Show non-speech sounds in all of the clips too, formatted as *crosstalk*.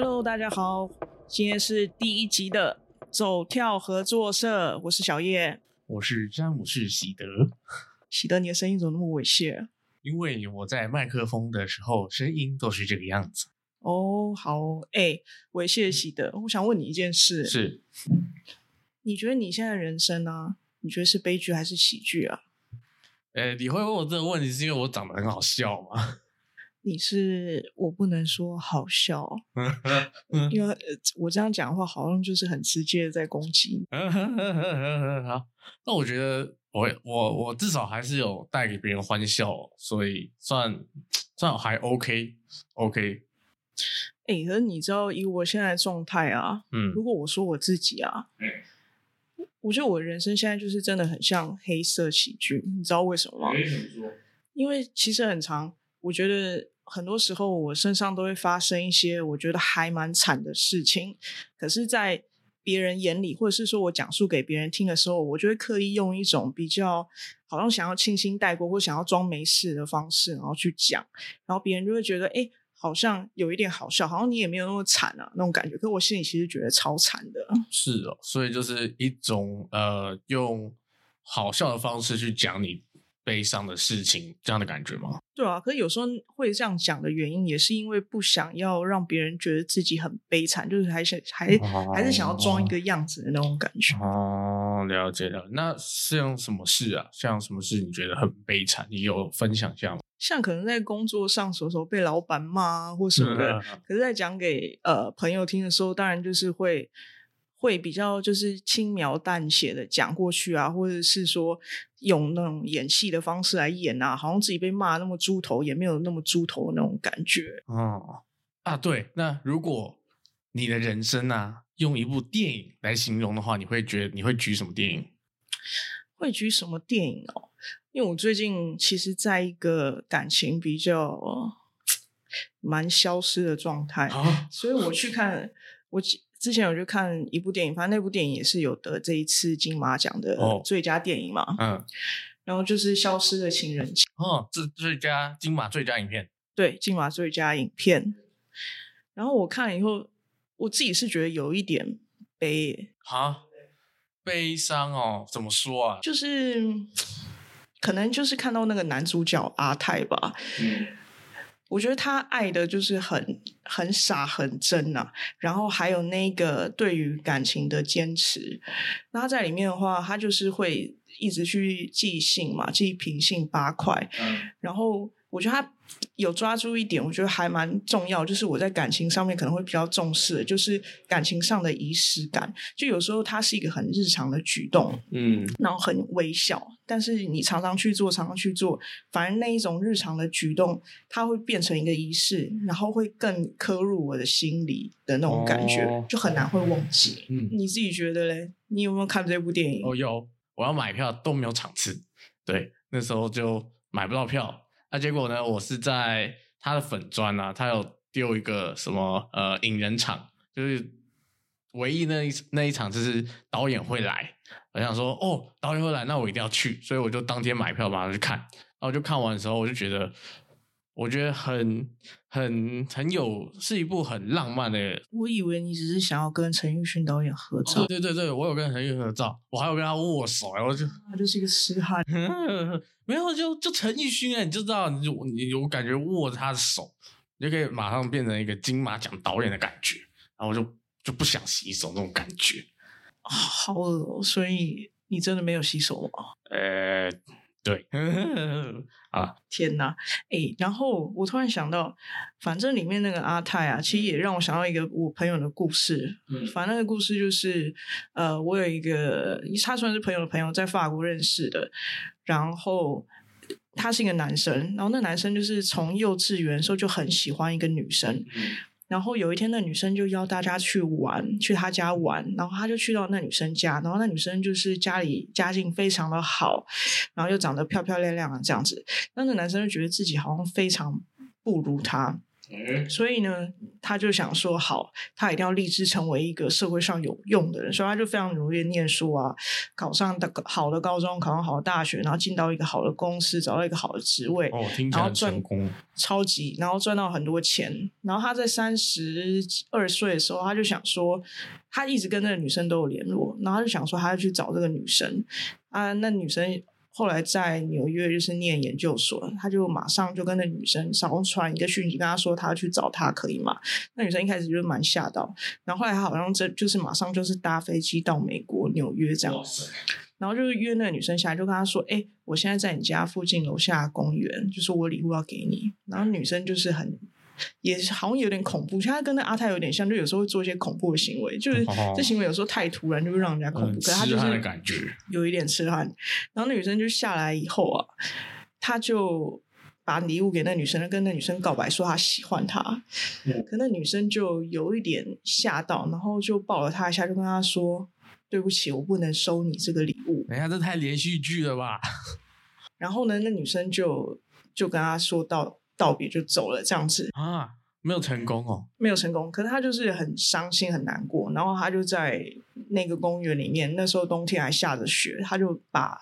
Hello，大家好，今天是第一集的走跳合作社，我是小葉，我是詹姆士喜德，喜德，你的聲音怎麼那麼猥褻、啊？因為我在麥克風的時候，聲音都是這個樣子。Oh, 哦，好、欸，哎，猥褻喜德，嗯、我想問你一件事，是，你覺得你現在的人生呢、啊？你覺得是悲劇還是喜劇啊？哎、欸，你會問我這個問題，是因為我長得很好笑嗎？你是我不能說好笑， *laughs* 因為我這樣講話好像就是很直接的在攻擊。 *laughs* 好，那我覺得我我我至少還是有帶給別人歡笑，所以算算還 OK OK。哎、欸，可是你知道以我現在狀態啊，嗯，如果我說我自己啊，欸、我覺得我人生現在就是真的很像黑色喜劇，你知道為什麼嗎？為什麼？因為其實很長，我覺得。很多時候我身上都會發生一些我覺得還蠻慘的事情，可是，在別人眼裡，或者是說我講述給別人聽的時候，我就會刻意用一種比較好像想要輕輕帶過或想要裝沒事的方式，然後去講，然後別人就會覺得，哎，好像有一點好笑，好像你也沒有那麼慘啊，那種感覺。可我心裡其實覺得超慘的。是哦，所以就是一種呃，用好笑的方式去講你。悲傷的事情，這樣的感覺嗎？對啊，可是有時候會這樣講的原因，也是因為不想要讓別人覺得自己很悲慘，就是還想還還是想要裝一個樣子的那種感覺哦。哦，了解了。那像什麼事啊？像什麼事你覺得很悲慘？你有分享一下嗎？像可能在工作上，有時候被老闆罵或什麼的。 *laughs* 可是在講，在講給呃朋友聽的時候，當然就是會。會比較就是輕描淡寫的講過去啊，或者是說用那種演戲的方式來演啊，好像自己被罵那麼豬頭，也沒有那麼豬頭的那種感覺。哦啊，對，那如果你的人生啊，用一部電影來形容的話，你會覺得你會舉什麼電影？會舉什麼電影哦？因為我最近其實在一個感情比較蠻消失的狀態，哦、所以我去看 *laughs* 我。之前我就看一部電影，反正那部電影也是有得這一次金馬獎的最佳電影嘛。哦嗯、然後就是《消失的情人節》哦，這最佳金馬最佳影片，對，金馬最佳影片。然後我看了以後，我自己是覺得有一點悲哈、啊，悲傷哦，怎麼說啊？就是可能就是看到那個男主角阿泰吧。嗯我覺得他愛的就是很很傻很真吶、啊，然後還有那個對於感情的堅持。那他在裡面的話，他就是會一直去寄信嘛，寄平信八塊。嗯、然後我覺得他有抓住一點，我覺得還蠻重要，就是我在感情上面可能會比較重視的，就是感情上的儀式感。就有時候它是一個很日常的舉動，嗯，然後很微小，但是你常常去做，常常去做，反而那一種日常的舉動，它會變成一個儀式，然後會更刻入我的心裡的那種感覺，哦、就很難會忘記。嗯、你自己覺得嘞？你有沒有看這部電影？哦，有，我要買票都沒有場次，對，那時候就買不到票。那、啊、結果呢？我是在他的粉專啊，他有丟一個什麼呃，影人場，就是唯一那一那一場就是導演會來。我想說，哦，導演會來，那我一定要去，所以我就當天買票馬上去看。然後我就看完的時候，我就覺得。我覺得很、很、很有，是一部很浪漫的。我以為你只是想要跟陳玉勳導演合照。哦。對對對，我有跟陳玉勳合照，我還有跟他握手，然後就他、啊、就是一個濕漢，沒有就就陳玉勳、欸、你就知道，你就你有感覺握着他的手，你就可以馬上變成一個金馬獎導演的感覺，然後就就不想洗手那種感覺，好惡哦！所以你真的沒有洗手嗎？呃。對， *laughs* 啊，天吶，欸，然後我突然想到，反正裡面那個阿泰啊，其實也讓我想到一個我朋友的故事。嗯，反正那個故事就是，呃，我有一個，他算是朋友的朋友，在法國認識的。然後他是一個男生，然後那男生就是從幼稚園的時候就很喜歡一個女生。嗯然後有一天，那女生就邀大家去玩，去她家玩。然後他就去到那女生家，然後那女生就是家裡家境非常的好，然後又長得漂漂亮亮的這樣子。那個男生就覺得自己好像非常不如她。嗯、所以呢，他就想說，好，他一定要立志成為一個社會上有用的人，所以他就非常努力念書啊，考上好的高中，考上好的大學，然後進到一個好的公司，找到一個好的職位，哦、聽然後賺超級，然後賺到很多錢。然後他在三十二歲的時候，他就想說，他一直跟那個女生都有聯絡，然後他就想說，他要去找這個女生啊，那女生。後來在紐約就是念研究所，他就馬上就跟那女生燒傳一個訊息，跟她說他去找她可以嗎？那女生一開始就是蠻嚇到，然後後來他好像這就是馬上就是搭飛機到美國紐約這樣，然後就約那個女生下來，就跟她說，哎、欸，我現在在你家附近樓下公園，就是我禮物要給你，然後女生就是很。也好像有點恐怖，像他跟那阿泰有點像，就有時候會做一些恐怖的行為，就是這行為有時候太突然，就會讓人家恐怖。哦、可是他就是感覺有一點癡漢。癡漢，然後那女生就下來以後啊，他就把禮物給那女生，跟那女生告白說他喜歡她。嗯、可那女生就有一點嚇到，然後就抱了他一下，就跟他說：“對不起，我不能收你這個禮物。”哎呀，這太連續劇了吧！然後呢，那女生就就跟他說道。道別就走了，這樣子啊，沒有成功哦、嗯，沒有成功。可是他就是很傷心、很難過，然後他就在那個公園裡面。那時候冬天還下着雪，他就把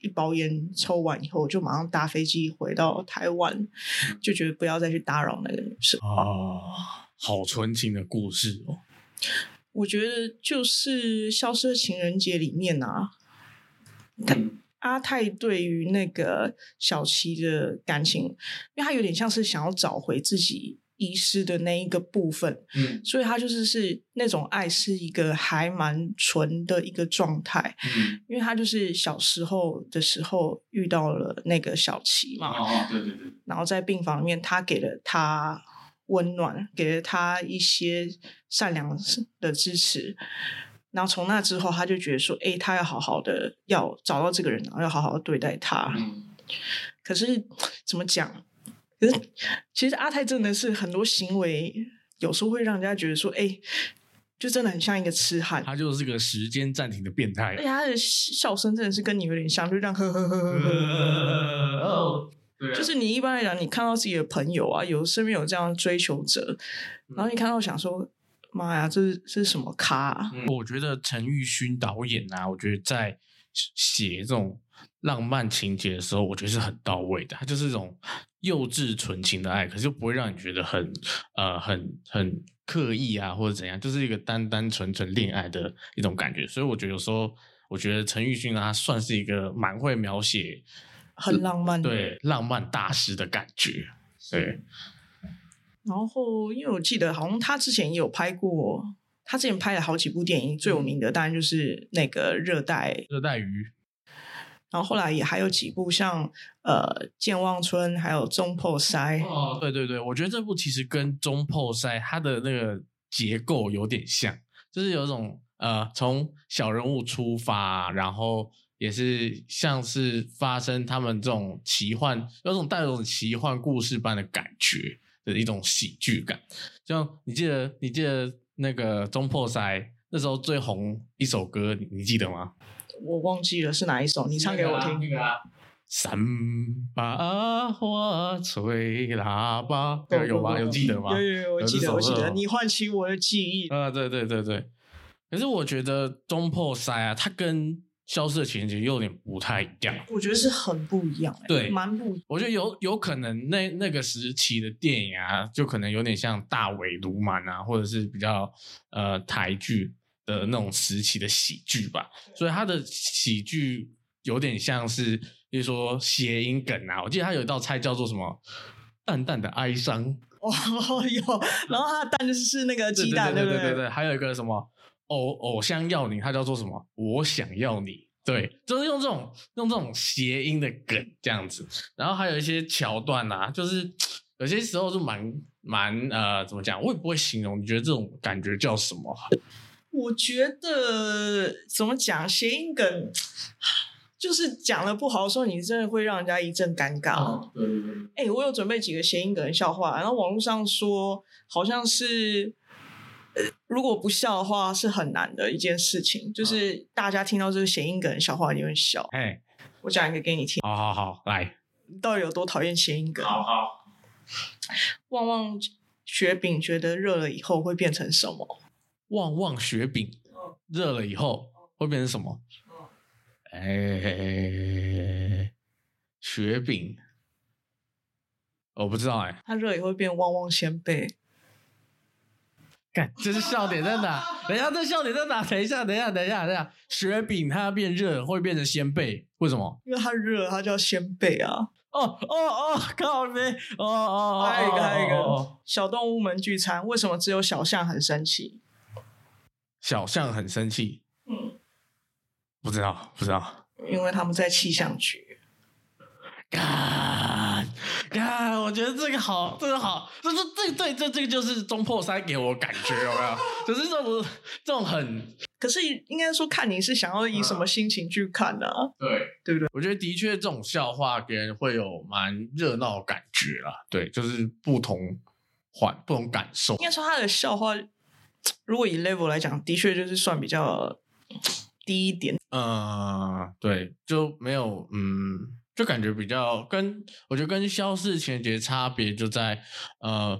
一包菸抽完以後，就馬上搭飛機回到台灣，嗯、就覺得不要再去打擾那個女生啊、哦，好純情的故事哦。我覺得就是《消失的情人節》裡面啊，阿泰對於那個小琪的感情，因為他有點像是想要找回自己遺失的那一個部分，嗯、所以他就是是那種愛是一個還蠻純的一個狀態，嗯、因為他就是小時候的時候遇到了那個小琪嘛，哦哦、對對對，然後在病房裡面，他給了他溫暖，給了他一些善良的支持。然後從那之後，他就覺得說：“哎、欸，他要好好的，要找到這個人、啊，然後要好好的對待他。”可是怎麼講？可是其實阿泰真的是很多行為，有時候會讓人家覺得說：“哎、欸，就真的很像一個痴漢。”他就是個時間暫停的變態、啊。而且他的笑聲真的是跟你有點像，就這樣呵呵呵呵呵呵呵呵，哦，對啊、就是你一般來講，你看到自己的朋友啊，有身邊有這樣追求者，然後你看到想說。嗯媽呀，這是這是什麼咖、啊嗯、我覺得陳玉勳導演啊，我覺得在寫這種浪漫情節的時候，我覺得是很到位的。他就是一種幼稚純情的愛，可是又不會讓你覺得很、呃、很，很刻意啊，或者怎樣，就是一個單單純純戀愛的一種感覺。所以我覺得有時候，我覺得陳玉勳、啊、他算是一個蠻會描寫很浪漫，對浪漫大師的感覺，對。然後，因為我記得好像他之前也有拍過，他之前拍了好幾部電影，最有名的，嗯，當然就是那個熱帶熱帶魚。然後後來也還有幾部像，像呃《健忘村》，還有《中破塞》。哦，對對對，我覺得這部其實跟《中破塞》它的那個結構有點像，就是有種呃從小人物出發，然後也是像是發生他們這種奇幻，有種帶有種奇幻故事般的感覺。的一種喜劇感，像你記得，你記得那個中破塞那時候最紅一首歌，你記得嗎？我忘記了是哪一首，啊、你唱給我聽的、啊的啊。三八花吹喇叭，哦、有嗎？有記得嗎？有、哦哦、有，哦、有有我記得，我記得，你喚起我的記憶。啊，對對對對。可是我覺得中破塞啊，他跟。消失的情節有點不太一樣，我覺得是很不一樣、欸，對，蠻不。我覺得有有可能那那個時期的電影啊，就可能有點像大尾鱸鰻啊，或者是比較呃台劇的那種時期的喜劇吧。對所以他的喜劇有點像是，比如說諧音梗啊。我記得他有一道菜叫做什麼“淡淡的哀傷”，哦喲，然後他的蛋就是那個雞蛋，對對對對，還有一個什麼？偶偶像要你，他叫做什麼？我想要你，對，就是用這種用這種諧音的梗這樣子，然後還有一些橋段啊，就是有些時候就蠻蠻呃，怎麼講？我也不會形容，你覺得這種感覺叫什麼？我覺得怎麼講，諧音梗就是講得不好的時候，你真的會讓人家一陣尷尬、哦。對對對。哎、欸，我有準備幾個諧音梗的笑話，然後網絡上說好像是。如果不笑的話，是很難的一件事情。就是大家聽到這個諧音梗，笑話你會笑。哎嘿，我講一個給你聽。好好好，來，你到底有多討厭諧音梗？好，好，旺旺雪餅覺得熱了以後會變成什麼？旺旺雪餅，熱了以後會變成什麼？哎，旺旺雪餅、哦，我不知道哎、欸。它熱以後會變旺旺仙貝。看，這是笑點在哪？ *laughs* 等一下，這笑點在哪？等一下，等一下，等一下，等一下。雪餅它變熱，會變成仙貝，為什麼？因為它熱，它叫仙貝啊。哦哦哦，看到沒！哦哦哦，還有一個，還有、哦、一個、哦、小動物們聚餐，為什麼只有小象很生氣？小象很生氣。嗯，不知道，不知道，因為他們在氣象局。啊啊，我覺得這個好，這個好，這這這個對，這這個就是《中破三》給我感覺 *laughs* 有沒有？就是這種這種很……可是應該說，看你是想要以什麼心情去看呢、啊啊？對對不對？我覺得的確，這種笑話給人會有蠻熱鬧感覺了。對，就是不同換不同感受。應該說，他的笑話如果以 level 來講，的確就是算比較低一點。嗯、呃，對，就沒有嗯。就感覺比較跟我覺得跟《消失的情人節》差別就在，呃，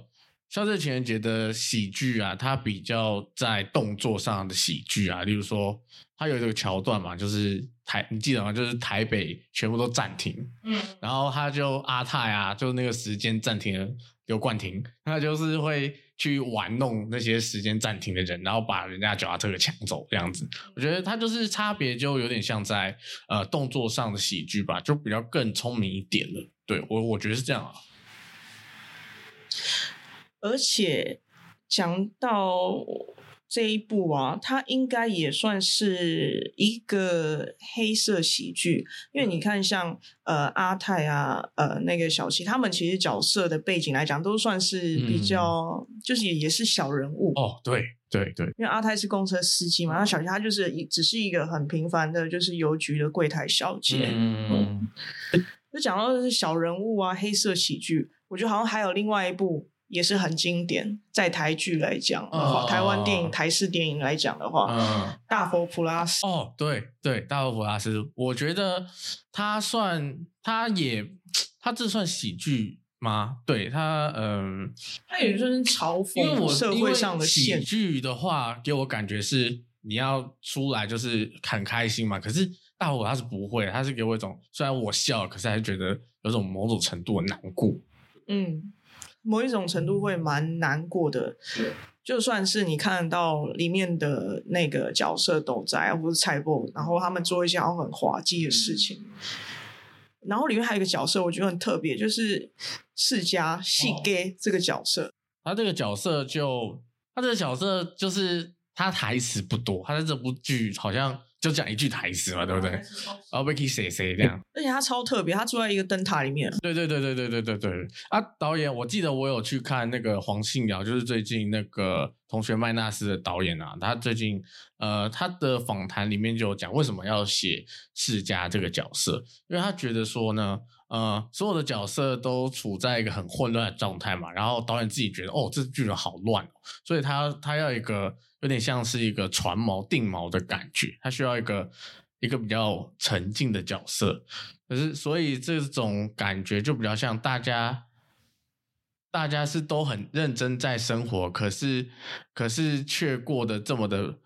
《消失的情人節》的喜劇啊，它比較在動作上的喜劇啊，例如說它有一個橋段嘛，就是台，你記得嗎？就是台北全部都暫停，嗯，然後他就阿泰啊，就那個時間暫停了，就劉冠廷，那就是會。去玩弄那些時間暫停的人，然後把人家腳踏車給搶走，這樣子，我覺得他就是差別就有點像在呃動作上的喜劇吧，就比較更聰明一點了。對，我，我覺得是這樣啊。而且講到。這一部啊，它應該也算是一個黑色喜劇，因為你看像，像呃阿泰啊，呃那個小七，他們其實角色的背景來講，都算是比較、嗯、就是也是小人物哦，對對對，對，因為阿泰是公車司機嘛，那小七他就是只是一個很平凡的，就是郵局的櫃檯小姐。嗯，那講、嗯、到的是小人物啊，黑色喜劇，我覺得好像還有另外一部。也是很經典，在台劇來講，嗯、台灣電影、嗯、台式電影來講的話，《大佛普拉斯》哦，對對，《大佛普拉斯》，我覺得他算，他也，他這算喜劇嗎？對他嗯，他也算，就是嘲諷，因為我社會上的，因為喜劇的話，給我感覺是你要出來就是很開心嘛。可是大佛他是不會，他是給我一種雖然我笑，可是還是覺得有種某種程度的難過，嗯。某一種程度會蠻難過的，嗯、就算是你看得到裡面的那個角色肚財，或不是菜脯，然後他們做一些很滑稽的事情。嗯、然後裡面還有一個角色，我覺得很特別，就是釋迦細 g 這個角色，哦。他這個角色就，他這個角色就是他台詞不多，他的這部劇好像。就講一句台詞嘛，啊、對不對？Vicky 寫誰這樣？而且他超特別，他坐在一個燈塔裡面。對對對對對對對對。啊，導演，我記得我有去看那個黃信堯，就是最近那個同學麥娜絲的導演啊。他最近呃，他的訪談裡面就有講為什麼要寫世家這個角色，因為他覺得說呢，呃，所有的角色都處在一個很混亂的狀態嘛。然後導演自己覺得，哦，這劇本好亂、哦、所以他他要一個。有點像是一個船錨、定錨的感覺，他需要一個一個比較沉靜的角色。可是，所以這種感覺就比較像大家，大家是都很認真在生活，可是可是卻過得這麼的，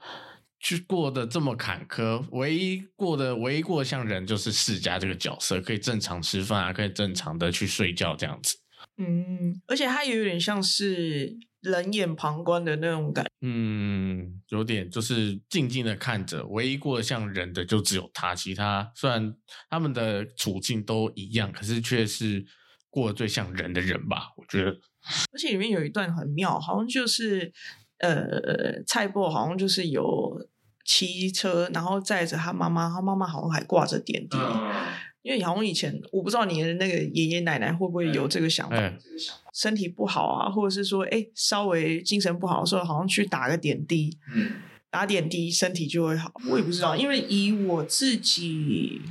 去過得這麼坎坷。唯一過得唯一過像人就是世家這個角色，可以正常吃飯啊，可以正常的去睡覺這樣子。嗯，而且他也有點像是。冷眼旁觀的那種感覺，嗯，有點就是靜靜的看着唯一過得像人的就只有他，其他雖然他們的處境都一樣，可是卻是過得最像人的人吧，我覺得。而且裡面有一段很妙，好像就是呃，蔡伯好像就是有騎車，然後載着他媽媽，他媽媽好像還掛着點滴，呃、因為好像以前我不知道你的那個爺爺奶奶會不會有這個想法，這個想法。欸身體不好啊，或者是說，哎，稍微精神不好的時候，好像去打個點滴，嗯、打點滴身體就會好。我也不知道，因為以我自己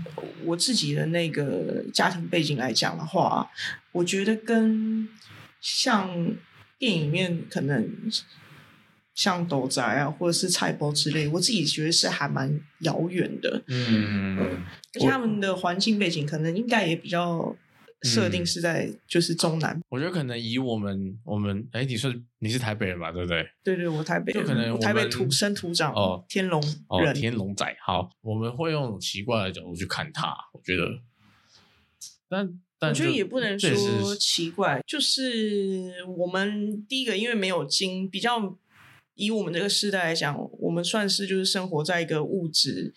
我自己的那個家庭背景來講的話，我覺得跟像電影裡面可能像肚財啊，或者是菜埔之類，我自己覺得是還蠻遙遠的。嗯，嗯嗯嗯，而且他們的環境背景可能應該也比較。設定是在、嗯、就是中南，我覺得可能以我們我們哎、欸，你說你是台北人吧，對不對？對，對對，我台北，就可能台北土生土長哦，哦，天龍天龍仔。好，我們會用奇怪的角度去看他，我覺得，但但我覺得也不能說奇怪，是就是我們第一個因為沒有經，比較以我們這個時代來講，我們算是就是生活在一個物質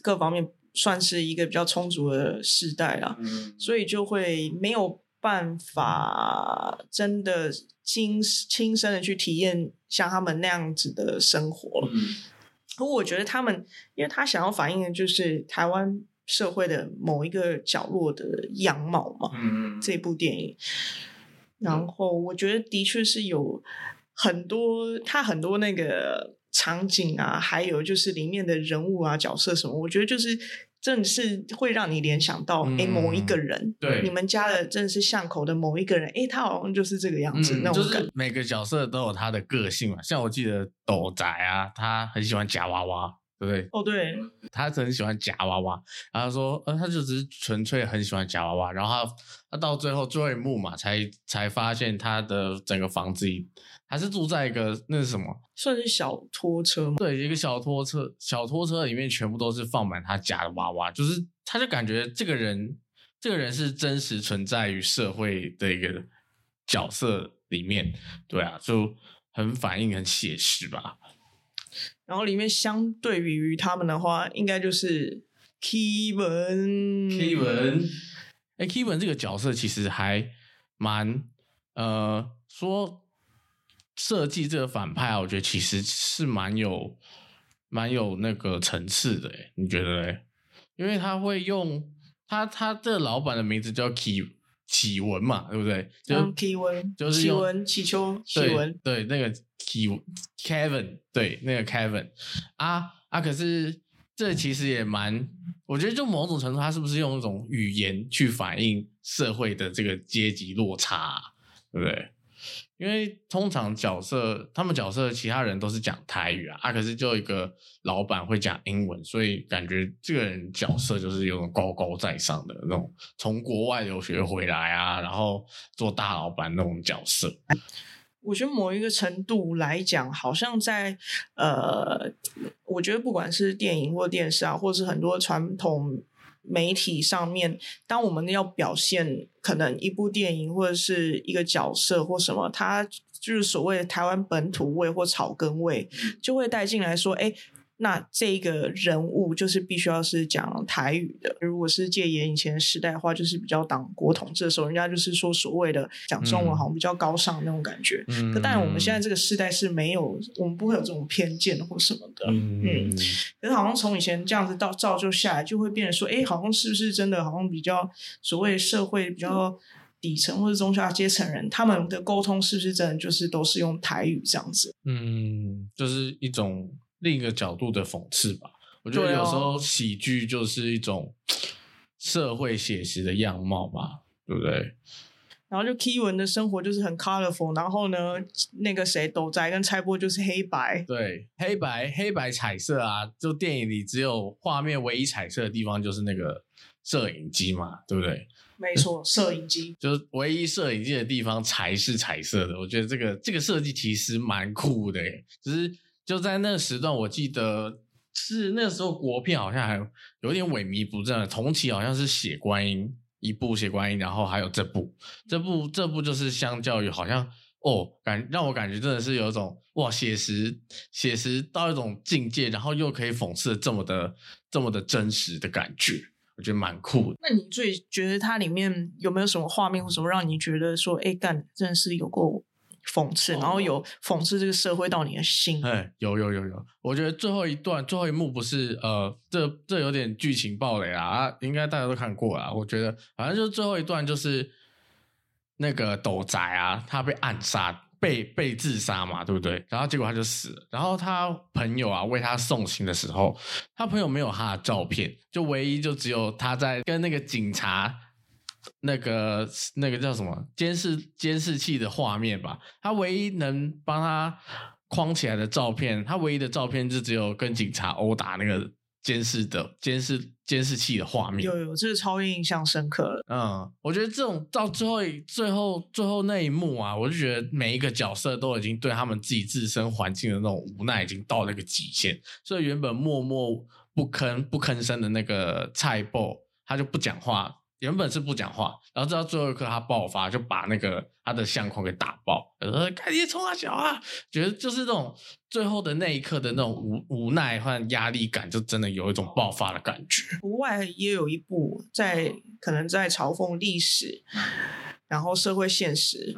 各方面。算是一個比較充足的時代了，嗯、所以就會沒有辦法真的親，親身的去體驗像他們那樣子的生活。不過、嗯、我覺得他們，因為他想要反映的就是台灣社會的某一個角落的樣貌嘛。嗯、這部電影，然後我覺得的確是有很多，他很多那個場景啊，還有就是裡面的人物啊角色、什麼，我覺得就是。正是會讓你聯想到，哎、欸，某一個人，嗯、對，你們家的真是巷口的某一個人，哎、欸，他好像就是這個樣子，嗯、那就是每個角色都有他的個性嘛，像我記得斗仔啊，他很喜歡夾娃娃，對不對？哦，對，他很喜歡夾娃娃，他說，他就只是純粹很喜歡夾娃娃，然後他，他，娃娃然後他，他到最後最後一幕，才才發現他的整個房子，還是住在一個那是什麼？算是小拖車嗎？對，一個小拖車，小拖車裡面全部都是放滿他家的娃娃，就是他就感覺這個人，這個人是真實存在於社會的一個角色裡面。對啊，就很反映很寫實吧。然後裡面相對比於他們的話，應該就是 Kevin。Kevin，哎，Kevin 這個角色其實還蠻呃說。設計這個反派啊，我覺得其實是蠻有、蠻有那個層次的，哎，你覺得嘞？因為他會用他他這老闆的名字叫啟啟文嘛，對不對？嗯，啟文就是啟、哦、文、啟秋、啟對文，對，對那個啟 Kevin，對那個 Kevin 啊啊！可是這其實也蠻，我覺得就某種程度，他是不是用一種語言去反映社會的這個階級落差，啊，對不對？因為通常角色，他們角色其他人都是講台語啊，啊可是就一個老闆會講英文，所以感覺這個人角色就是有種高高在上的那種，從國外留學回來啊，然後做大老闆那種角色。我覺得某一個程度來講，好像在呃，我覺得不管是電影或電視啊，或者是很多傳統。媒體上面，當我們要表現可能一部電影或者是一個角色或什麼，它就是所謂的台灣本土味或草根味，就會帶進來說，哎、欸。那這個人物就是必須要是講台語的。如果是戒嚴以前的時代的話，就是比較黨國統治的時候，人家就是說所謂的講中文好像比較高尚那種感覺。嗯、但是我們現在這個時代是沒有，我們不會有這種偏見或什麼的。嗯，嗯，可是好像從以前這樣子到造就下來，就會變成說，哎、欸，好像是不是真的？好像比較所謂社會比較底層或者中下階層人，他們的溝通是不是真的就是都是用台語這樣子？嗯，就是一種。另一個角度的諷刺吧，我覺得有時候喜劇就是一種社會寫實的樣貌吧，對不對？然後就 Kevin 的生活就是很 colorful，然後呢，那個誰肚財跟菜埔就是黑白，對，黑白黑白彩色啊，就電影裡只有畫面唯一彩色的地方就是那個攝影機嘛，對不對？沒錯， *laughs* 攝影機就是唯一攝影機的地方才是彩色的。我覺得這個這個設計其實蠻酷的，只是。就在那個時段，我記得是那時候國片好像還有點萎靡不振。同期好像是《血觀音》一部，《血觀音》，然後還有這部，這部這部就是相較於好像哦，感讓我感覺真的是有一種哇，寫實寫實到一種境界，然後又可以諷刺這麼的這麼的真實的感覺，我覺得蠻酷的。那你最覺得它裡面有沒有什麼畫面或什麼讓你覺得說哎，幹真的是有夠。諷刺，然後有諷刺這個社會到你的心，oh. hey, 有有有有，我覺得最後一段最後一幕不是呃，這這有點劇情暴雷啦啊，應該大家都看過了。我覺得反正就是最後一段就是那個鬥宅啊，他被暗殺，被被自殺嘛，對不對？然後結果他就死了，然後他朋友啊為他送行的時候，他朋友沒有他的照片，就唯一就只有他在跟那個警察。那個那個叫什麼監視監視器的畫面吧，他唯一能幫他框起來的照片，他唯一的照片就只有跟警察毆打那個監視的監視監視器的畫面。有有，這是個超印象深刻的。嗯，我覺得這種到最後最後最後那一幕啊，我就覺得每一個角色都已經對他們自己自身環境的那種無奈已經到了一個極限。所以原本默默不吭不吭聲的那個菜脯，他就不講話。原本是不講話，然後直到最後一刻他爆發，就把那個他的相框給打爆。他說：“趕緊衝啊，小啊！”覺得就是這種最後的那一刻的那種無無奈和壓力感，就真的有一種爆發的感覺。國外也有一部在可能在嘲諷歷史，然後社會現實，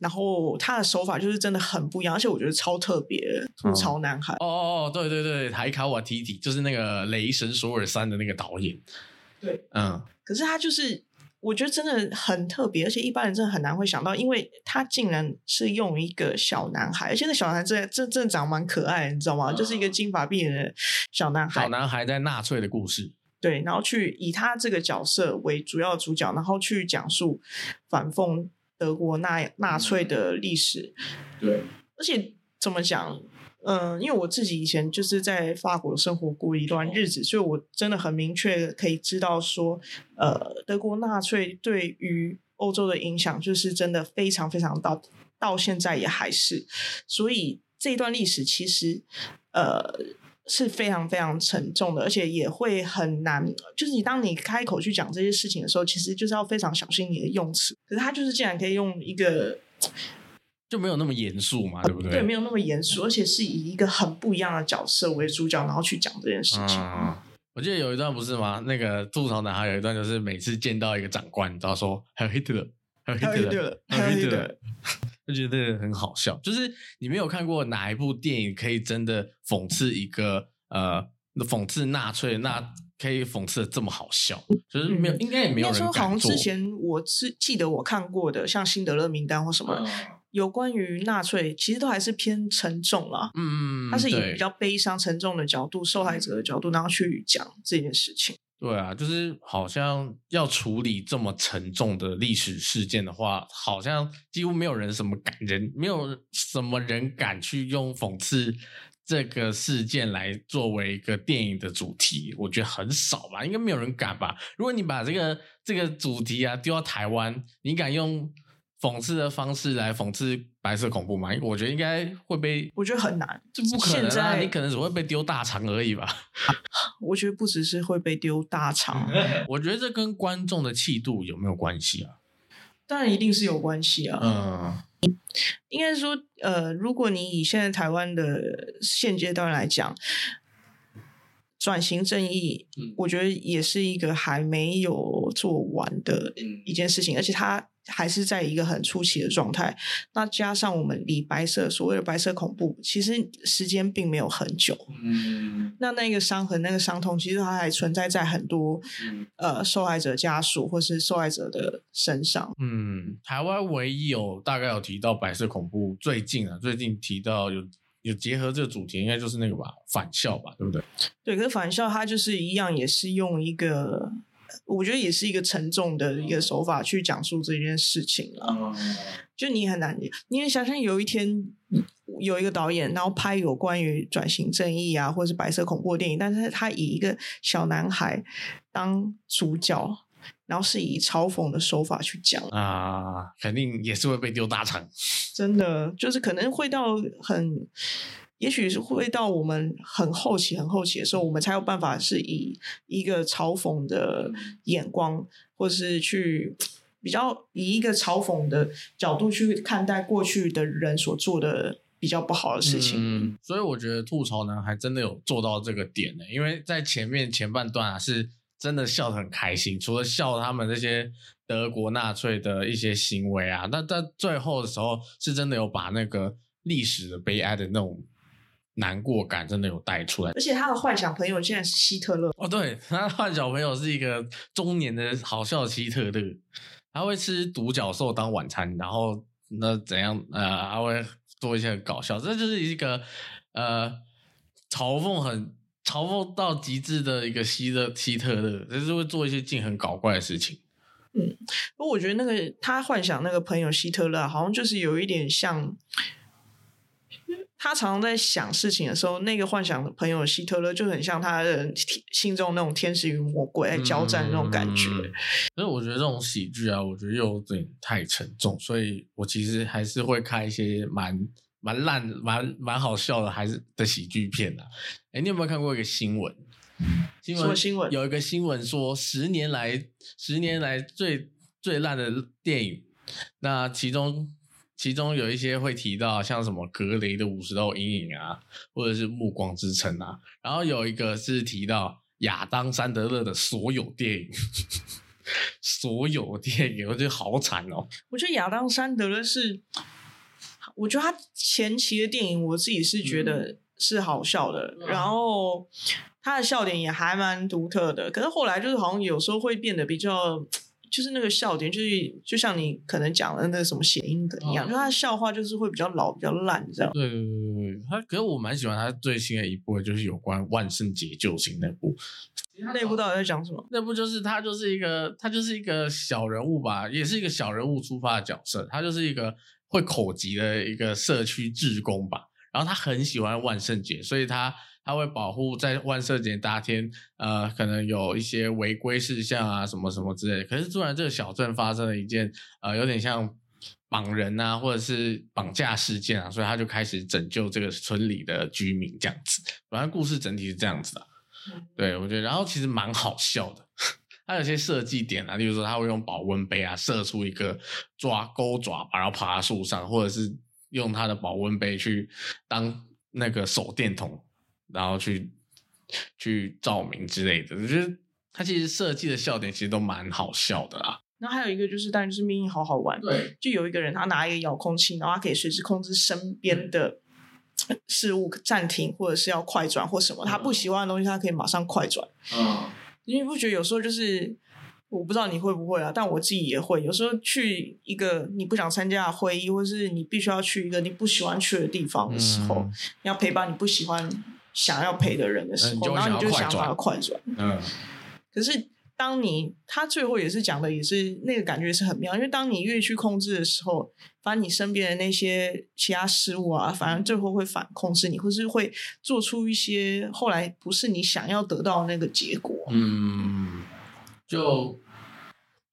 然後他的手法就是真的很不一樣，而且我覺得超特別，兔嘲男孩。哦哦哦，對對對，海卡瓦提提就是那個《雷神索爾三》的那個導演。對，嗯，可是他就是，我覺得真的很特別，而且一般人真的很難會想到，因為他竟然是用一個小男孩，而且那小男孩真的真的真的長得蠻可愛的，你知道嗎？嗯、就是一個金髮碧眼的小男孩，小男孩在納粹的故事，對，然後去以他這個角色為主要主角，然後去講述反諷德國納納粹的歷史，嗯，對，而且怎麼講？嗯，因為我自己以前就是在法國生活過一段日子，所以我真的很明確可以知道說，呃，德國納粹對於歐洲的影響就是真的非常非常大，到現在也還是。所以這一段歷史其實呃是非常非常沉重的，而且也會很難，就是你當你開口去講這些事情的時候，其實就是要非常小心你的用詞。可是他就是竟然可以用一個。就沒有那麼嚴肅嘛，對不對？對，沒有那麼嚴肅，而且是以一個很不一樣的角色為主角，然後去講這件事情，嗯嗯。我記得有一段不是嗎？那個兔嘲男孩有一段就是每次見到一個長官，他說：“還有 Hitler，還有 Hitler，還有 Hitler。”就 *laughs* 覺得很好笑。就是你沒有看過哪一部電影可以真的諷刺一個呃諷刺納粹，那可以諷刺的這麼好笑？就是沒有，嗯，應該也沒有人。好像之前我之記得我看過的，像《辛德勒名單》或什麼。嗯有關於納粹，其實都還是偏沉重啦。嗯嗯，它是以比較悲傷、沉重的角度，受害者的角度，然後去講這件事情。對啊，就是好像要處理這麼沉重的歷史事件的話，好像幾乎沒有人什麼感人，沒有什麼人敢去用諷刺這個事件來作為一個電影的主題。我覺得很少吧，應該沒有人敢吧。如果你把這個這個主題啊丟到台灣，你敢用諷刺的方式來諷刺白色恐怖嗎？我覺得應該會被，我覺得很難，這不可能，啊、現在你可能只會被丟大腸而已吧？我覺得不只是會被丟大腸。 *laughs* 我覺得這跟觀眾的氣度有沒有關係啊？當然一定是有關係啊！嗯，嗯嗯應該說，呃，如果你以現在台灣的現階段來講，轉型正義，嗯、我覺得也是一個還沒有做完的一件事情，而且它。還是在一個很初期的狀態，那加上我們離白色所謂的白色恐怖，其實時間並沒有很久。嗯，那那個傷痕、那個傷痛，其實它還存在在很多呃受害者家屬或是受害者的身上。嗯，台灣唯一有大概有提到白色恐怖，最近啊，最近提到有有結合這個主題，應該就是那個吧，返校吧，對不對？對，可是返校它就是一樣，也是用一個。我覺得也是一個沉重的一個手法去講述這件事情了，oh. 就你很難，你也想象有一天有一個導演，然後拍有關於轉型正義啊，或者是白色恐怖電影，但是他以一個小男孩當主角，然後是以嘲諷的手法去講啊，uh, 肯定也是會被丟大場，真的，就是可能會到很。也許是會到我們很後期、很後期的時候，我們才有辦法是以一個嘲諷的眼光，或是去比較以一個嘲諷的角度去看待過去的人所做的比較不好的事情。嗯，所以我覺得吐槽呢，還真的有做到這個點呢，因為在前面前半段啊，是真的笑得很開心，除了笑他們那些德國納粹的一些行為啊，那在最後的時候，是真的有把那個歷史的悲哀的那種。難過感真的有帶出來，而且他的幻想朋友竟然是希特勒哦，對他的幻想朋友是一個中年的好笑希特勒，他會吃獨角獸當晚餐，然後那怎樣呃，他會做一些很搞笑，這就是一個呃嘲諷很嘲諷到極致的一個希特勒希特勒，就是會做一些勁很搞怪的事情。嗯，不過我覺得那個他幻想那個朋友希特勒，好像就是有一點像。他常常在想事情的時候，那個幻想的朋友希特勒就很像他的心中那種天使與魔鬼在交戰的那種感覺。所以、嗯嗯、我覺得這種喜劇啊，我覺得又有點太沉重，所以我其實還是會看一些蠻蠻爛、蠻蠻好笑的，還是的喜劇片啊。誒，你有沒有看過一個新聞？新聞新聞有一個新聞說十，十年來十年來最最爛的電影，那其中。其中有一些會提到像什麼格雷的五十道陰影啊，或者是暮光之城啊，然後有一個是提到亞當·山德勒的所有電影， *laughs* 所有電影我覺得好慘哦。我覺得亞當·山德勒是，我覺得他前期的電影我自己是覺得是好笑的，嗯、然後他的笑點也還蠻獨特的，可是後來就是好像有時候會變得比較。就是那個笑點，就是就像你可能講的那個什麼諧音梗一樣，哦、就他的笑話就是會比較老、比較爛這樣。對對對對對，他可是我蠻喜歡他最新的一部，就是有關萬聖節救星那部。他那部到底在講什麼？那部就是他就是一個他就是一個小人物吧，也是一個小人物出發的角色，他就是一個會口吃的一個社區志工吧，然後他很喜歡萬聖節，所以他。他會保護在萬聖節當天，呃，可能有一些違規事項啊，什麼什麼之類的。可是突然這個小鎮發生了一件，呃，有點像綁人啊，或者是綁架事件啊，所以他就開始拯救這個村裡的居民這樣子。反正故事整體是這樣子的，對，我覺得，然後其實蠻好笑的。他有些設計點啊，例如說他會用保溫杯啊，射出一個抓鈎爪，然後爬樹上，或者是用他的保溫杯去當那個手電筒。然後去去照明之類的，我覺得他其實設計的笑點其實都蠻好笑的啦。那還有一個就是，當然就是命運好好玩，對，就有一個人他拿一個遙控器，然後他可以隨時控制身邊的事物暫停，或者是要快轉或什麼。他不喜歡的東西，他可以馬上快轉。嗯，你不覺得有時候就是，我不知道你會不會啊？但我自己也會。有時候去一個你不想參加的會議，或是你必須要去一個你不喜歡去的地方的時候，嗯，你要陪伴你不喜歡，想要陪的人的時候，然後你就想要把它快轉。嗯，可是當你他最後也是講的也是那個感覺是很妙，因為當你越去控制的時候，反把你身邊的那些其他事物啊，反而最後會反控制你，或是會做出一些後來不是你想要得到那個結果。嗯，就。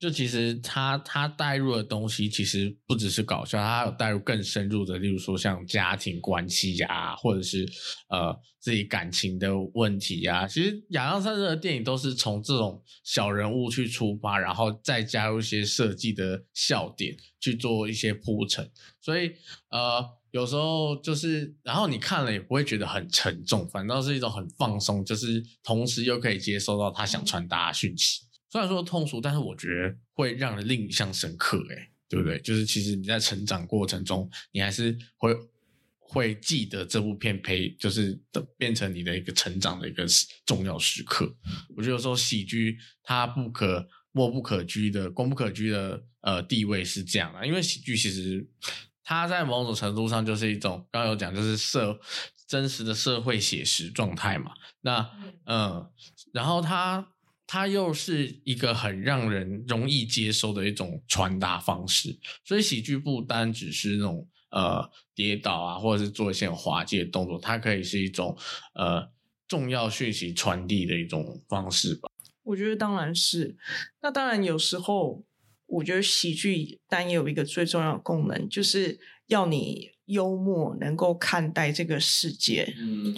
就其實他他帶入的東西其實不只是搞笑，他有帶入更深入的，例如說像家庭關係呀、啊，或者是呃自己感情的問題呀、啊。其實亞當·山德的電影都是從這種小人物去出發，然後再加入一些設計的笑點去做一些鋪陳。所以呃，有時候就是，然後你看了也不會覺得很沉重，反倒是一種很放鬆，就是同時又可以接受到他想傳達的訊息。雖然說痛楚，但是我覺得會讓人印象深刻，哎，對不對？就是其實你在成長過程中，你還是會會記得這部片，陪就是變成你的一個成長的一個重要時刻。嗯、我覺得說喜劇它不可莫不可居的，功不可居的，呃，地位是這樣的、啊。因為喜劇其實它在某種程度上就是一種，剛剛有講，就是社真實的社會寫實狀態嘛。那嗯、呃，然後它。它又是一個很讓人容易接受的一種傳達方式，所以喜劇不單只是那種呃跌倒啊，或者是做一些滑稽的動作，它可以是一種呃重要訊息傳遞的一種方式吧。我覺得當然是。那當然有時候，我覺得喜劇單也有一個最重要的功能，就是要你幽默能夠看待這個世界。嗯。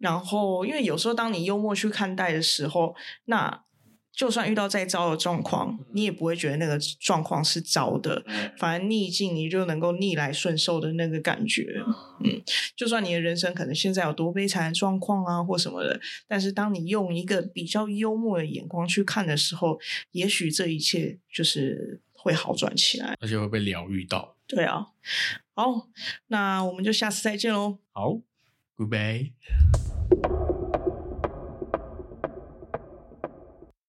然後，因為有時候當你幽默去看待的時候，那就算遇到再糟的狀況，你也不會覺得那個狀況是糟的，反而逆境你就能夠逆來順受的那個感覺。嗯，就算你的人生可能現在有多悲慘的狀況啊，或什麼的，但是當你用一個比較幽默的眼光去看的時候，也許這一切就是會好轉起來，而且會被療癒到。對啊，好，那我們就下次再見嘍。好，Goodbye。